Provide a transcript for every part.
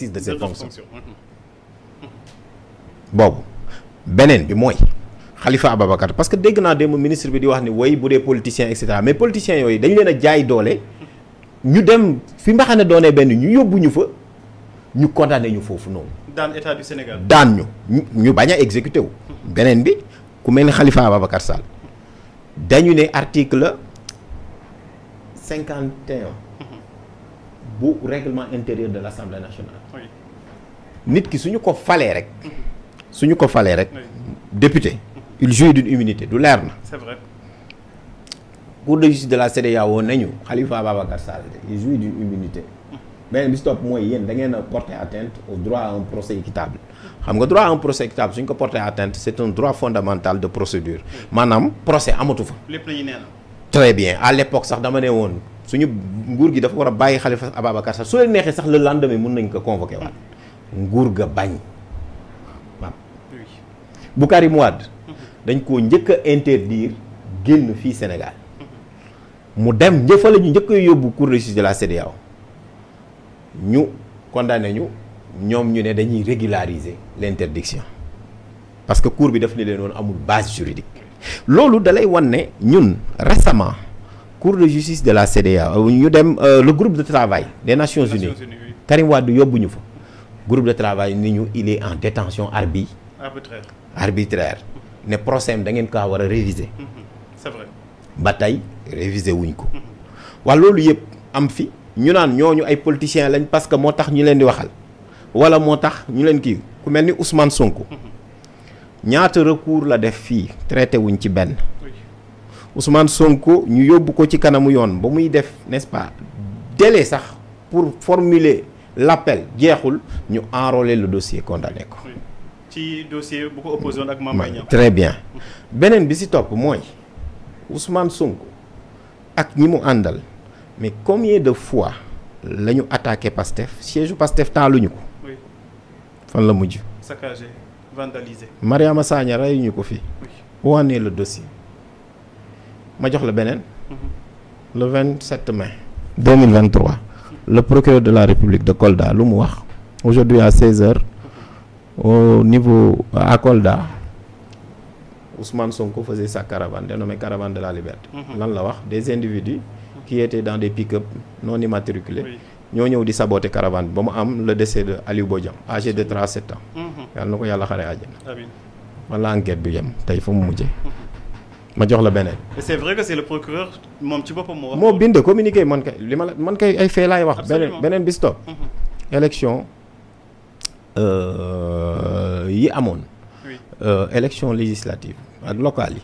de ces fonctions Bon, Benen, bi moi Khalifa Ababakar, parce que nous avons ministre bi di wax ni politiciens et mais politiciens a jaay ont ñu dem fi nga des ne qui ont ñu yóbbu ñu fa ñu condamné ñu ont des du Sénégal benen ñu exécuté Khalifa article ont le règlement intérieur de l'Assemblée nationale. nit qui suñu ko falé rek. suñu ko jouent député. il jouit d'une immunité du c'est vrai. cour de justice de la CEDEAO nañu Khalifa Babacar Sall il jouit d'une immunité. Mais ils ne topp pas da porter atteinte au droit à un procès équitable. Le nga droit à un procès équitable ko atteinte c'est un droit fondamental de procédure. le procès amatu fa. lépp très bien à l'époque sax dama été fait. suñu nguur gi dafa war a bàyyi Khalifa Ababacar Sall su leen neexee sax le lendemain mun nañ koo convoqué waat nguur ga bañ waaw bu Karim Wade dañ koo njëkk a interdire génn fii Sénégal mu dem njëfa ñu njëkk a yóbbu cour de la CEDEAO ñu condamné ñu ñoom ñu ne dañuy régulariser l'interdiction parce que cour bi daf ne leen woon amul base juridique loolu dalay wan ñun récemment cour de justice de la cda euh, euh, le groupe de travail des Nations Unies Karim le groupe de travail il est en détention arbitraire arbitraire ne procès à mhm. c'est vrai Bataille réviser wuñ ko politiciens parce que Ousmane Sonko mhm. recours la défi traité Ousmane Sonko nous avons ko ci kanamu yoon faire. muy def n'est-ce pas délai pour formuler l'appel nous avons enrôler le dossier condamné ko. ci dossier bu ko opposé avec ak Mame très bien beneen bi si top, Ousmane Sonko ak ñi andal mais combien de fois nous avons attaqué Pastef siège Pastef taaluñu ko. fan la mujj. saccagé vandalisé. Mariama Sagna reyuñu ko Oui. où en est le dossier. Mhm. le 27 mai 2023 le procureur de la République de Kolda aujourd'hui à 16 h mhm. au niveau à Kolda Ousmane Sonko faisait sa caravane dénommée caravane de la liberté mhm. des individus qui étaient dans des pick-up non immatriculés ils ont saboté di caravane le décès de Aliou âgé de 37 ans yàlla na enquête bi yem ma jox la beneen. c'est vrai que c'est le procureur moom ci boppam moo. moo bind communiqué man kay li ma man kay ay fait laay wax. beneen beneen bis topp. Mhm. élection euh, yi amoon. Euh, élection législative ak locale yi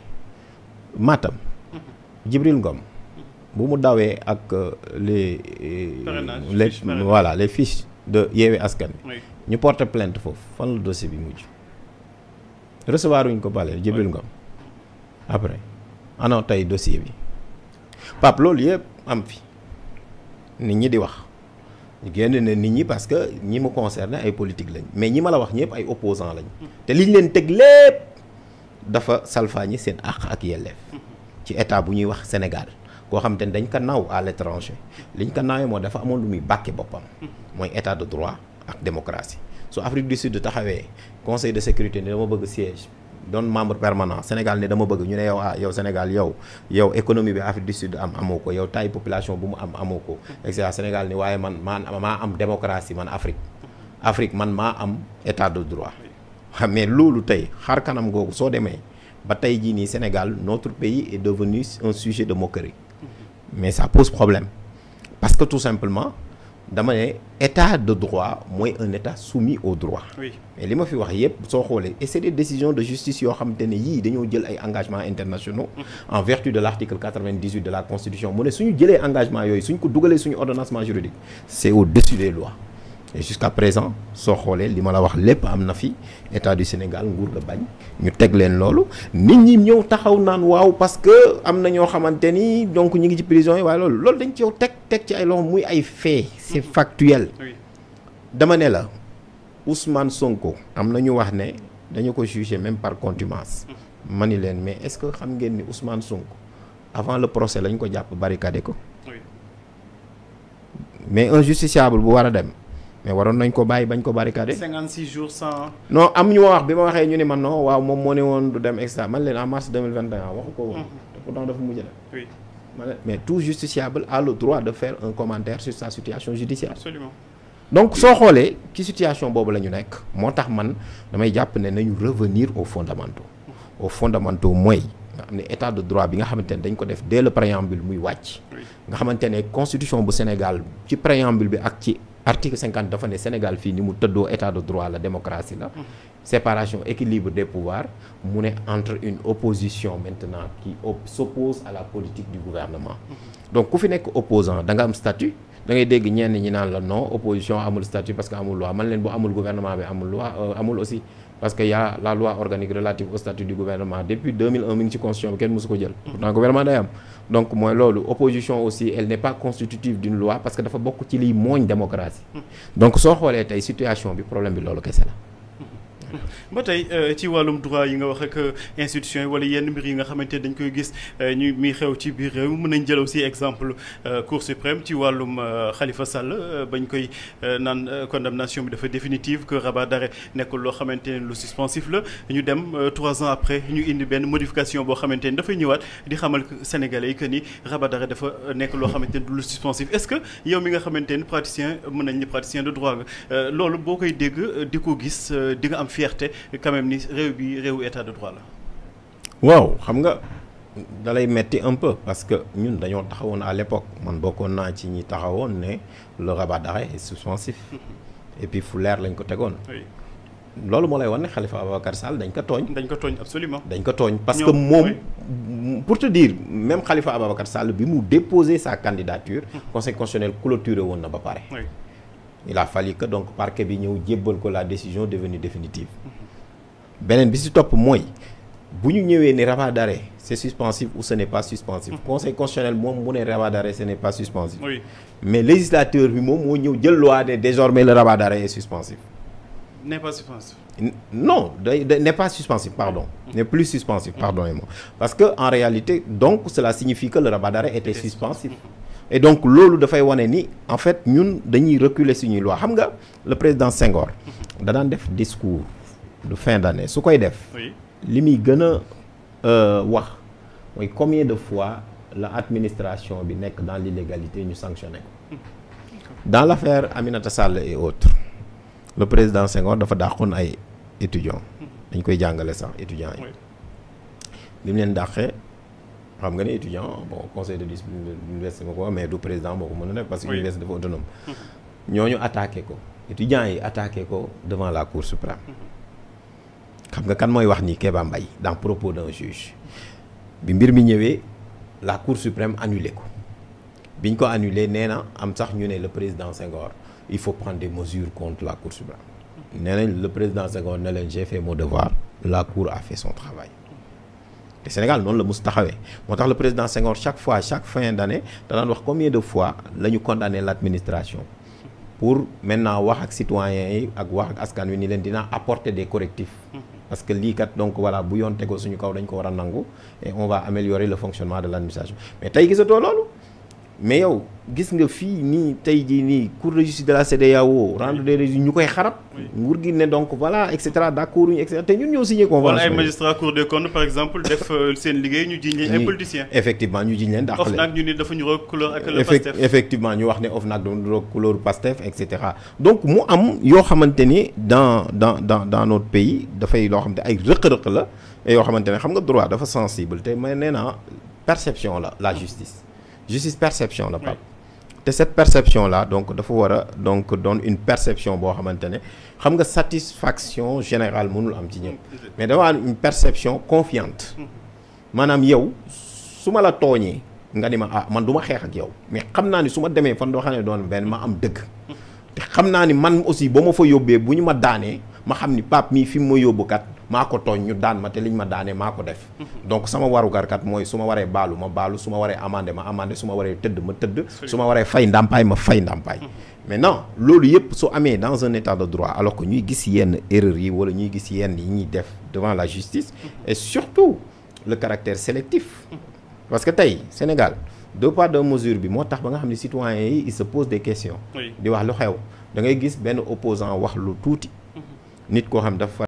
Matam. Mhm. Jibril Ngom. Mhm. bu mu dawee ak euh, les. voilà les fiches de Yewwi Askan Wi. ñu porter plainte foofu fan la dossier bi mujj. recevoir wuñ ko bale Jibril Ngom après ana tay dossier bi Pape loolu yëpp am fi nit ñi di wax genn ne nit ñi parce que ñi mu concerné ay politique lañ mais ñi mala wax ñep ay opposant lañ té liñ leen teg lépp dafa salfañi sen ak ak yelleef ci état bu ñuy wax Sénégal ko xam dañ ko naw à l'étranger liñ ko naawee mo dafa amon lu muy bàkke bopam moy état de droit ak démocratie su Afrique du Sud taxawé conseil de sécurité ni dama bëgg siège Don membre permanent Sénégal ne dama bëgg ñu né yow ah, yow Sénégal yow yow économie bi Afrique du Sud am y a yow taille population bu mu am amoko mm-hmm. Sénégal ni waye man man am démocratie man Afrique mm-hmm. Afrique man ma am état de droit ah, mais lolu tay xar kanam googu soo demee ba tay Sénégal notre pays est devenu un sujet de moquerie mm-hmm. mais ça pose problème parce que tout simplement dama état de droit Moins un état soumis au droit. oui mais li ma wax et c'est des décisions de justice yo xam été yi jël engagements internationaux. Mm-hmm. en vertu de l'article 98 de la constitution Si nous suñu jëlé engagement yoy suñ ko dougalé suñu ordonnancement c'est au-dessus des lois et jusqu'à présent so xolé li ma la wax lepp amna fi état du Sénégal nguur ga bañ ñu tegg len lolu nit ñi ñëw taxaw naan waaw parce que amna ño xamanteni donc ñi ngi ci prison way lolu lolu dañ ci yow teg teg ci ay loxo muy ay fait c'est factuel dama né la Ousmane Sonko amna ñu wax ne dañu ko juger même par contumace mm-hmm. mani ni mais est-ce que xam ngeen ni Ousmane Sonko avant le procès lañ ko japp barricadé ko mais un justiciable bu wara a dem mais waron nañ ko bàyyi bañ ko barricader 56 jours sans. non am ñu ma wax bi ma ñu ne man non waaw mom mo ne du dem extra man leen en mars 2021 waxuko ko mhm. pourtant dafa mujj la. oui mais tout justiciable a le droit de faire un commentaire sur sa situation judiciaire. absolument donc so xolé ci situation bobu lañu nek motax man damay japp né nañu revenir aux fondamentaux. Mhm. aux fondamentaux mooy. nga état de droit bi nga xamante dañ ko def dès le préambule muy wacc nga xamante constitution bu Sénégal ci préambule bi ak ci article 50, dafa Sénégal finit, ni mu l'état état de droit la démocratie séparation équilibre des pouvoirs mu entre une opposition maintenant qui s'oppose à la politique du gouvernement donc ku fi nek opposant da nga am statut da ngay dégg ñenn ñi nan la non opposition amul statut parce que amul loi man len bu amul gouvernement bi amul loi euh, amul aussi parce qu'il y' a la loi organique relative au statut du gouvernement depuis 2001 y a une constitution qui musu ko jël. Mm-hmm. pourtant gouvernement donc moi, n'est aussi elle pas constitutive d'une loi parce que dafa beaucoup ci li démocratie. Mm-hmm. donc so xolé tay situation bi problème bi lolu ba tey euh, ci wàllum droit yi nga wax ak euh, institution yi wala yenn mbir yi nga xamante dañ koy gis euh, ñu mi xew ci biir réew mën nañ jël aussi exemple cour suprême ci wàllum Khalifa Sall bañ koy naan condamnation bi dafa définitive que rabat dare nekkul loo xamante ne lu suspensif la ñu dem trois ans après ñu indi benn modification boo xamante ni dafay ñëwaat di xamal sénégalais yi que ni rabat dare dafa nekk loo xamante ni lu suspensif est-ce que yow mi nga xamante ni praticien mën nañ ni praticien de droit nga loolu boo koy dégg di ko gis di nga am fi et quand même ni réew bi état de droit là. waaw xam nga dalay metti un peu parce que ñun dañu taxawon à l'époque man bokon n'a ci ñi le rabat d'arrêt est suspensif et puis fouleur leer lañ ko tegoon. lolu mo lay wone Khalifa Ababacar Sall dañ ko togn dañ ko absolument. dañ ko parce que mom pour te dire même Khalifa Ababacar Sall bi mu déposer sa candidature. Hum. conseil constitutionnel clôturé won na ba il a fallu que donc parquet bi ñeu djébal ko la décision devenue définitive benen bi toi top si bu ñu un rabat d'arrêt c'est suspensif ou ce n'est pas suspensif mhm. conseil constitutionnel d'arrêt ce n'est pas suspensif mais législateur bi mom mo ñëw loi désormais le rabat d'arrêt est suspensif n'est pas suspensif non n'est pas suspensif pardon mhm. n'est plus suspensif mhm. pardon. parce que en réalité donc cela signifie que le rabat d'arrêt était suspensif et donc da fay wane ni en fait ñun dañuy reculer suñu loi xam nga le président Senghor dans un discours de fin d'année su koy def Limi a euh, wax combien de fois l'administration administration bi dans l'illégalité ñu sanctionné dans l'affaire Aminata Sall et autres le président Senghor dafa dàqoon ay étudiants mm-hmm. dañ koy jàngalé sax étudiants yi li leen xam nga ni étudiant bon conseil de discipline de l'université mais du président moko parce que université dafa autonome ñooñu attaqué ko étudiants yi attaqué ko devant la cour suprême xam nga kan moy wax ni Kéba mbay dans propos d'un juge bi mbir mi ñëwé la cour suprême annulé ko biñ ko annulé néna am sax ñu le président Senghor il faut prendre des mesures contre la cour suprême le président Senghor né j'ai fait mon devoir la cour a fait son travail le Sénégal non la mos le président Senghor chaque fois chaque fin d'année, nous avons combien de fois la condamné l'administration pour maintenant wax citoyens et ak wax ak apporter des correctifs parce que l'ICAT, donc voilà bu et on va améliorer le fonctionnement de l' mais mais yow gis nga fi ni tey ni cour de justice de la CDAO rendre des résultats koy xarab. nguur gi ne donc voilà et cetera d'accord et cetera ñun ñoo signé convention. cour de compte par exemple def euh, sen ñu des politiciens. effectivement ñu jiñ len ñu couleur effectivement ñu wax couleur donc mu am yo des dans dans dans dans notre pays fay lo ay la Et yo xam nga droit sensible té perception la la justice justice perception la Pape cette perception là donc dafa wara donc donne une perception bo à maintenir xam nga satisfaction générale mënul am ci ñëpp mm-hmm. mais dafa une perception confiante manam mm-hmm. yow suma ma la togné nga ni ma ah man duma ma ak yow mais xam naa ni suma démé demee fan doo xam doon benn ma am dëgg mm-hmm. te xam ni man aussi ba ma fa yobé bu ma daanee ma xam ni Pape mi fi mo ma mako ko ñu daan ma té liñ ma daané que def donc sama je moy ma waré je ma que suma ma amandé ma amandé suma ma teud ma teud suma ma fay je ma fay maintenant lolu yépp so dans un état de droit alors que ñuy gis yenn erreurs yi wala ñuy gis yenn yi def devant la justice et surtout le caractère sélectif parce que tay Sénégal deux pas de mesures bi motax ba nga xamni ils se posent des questions di wax lu xew da ngay opposant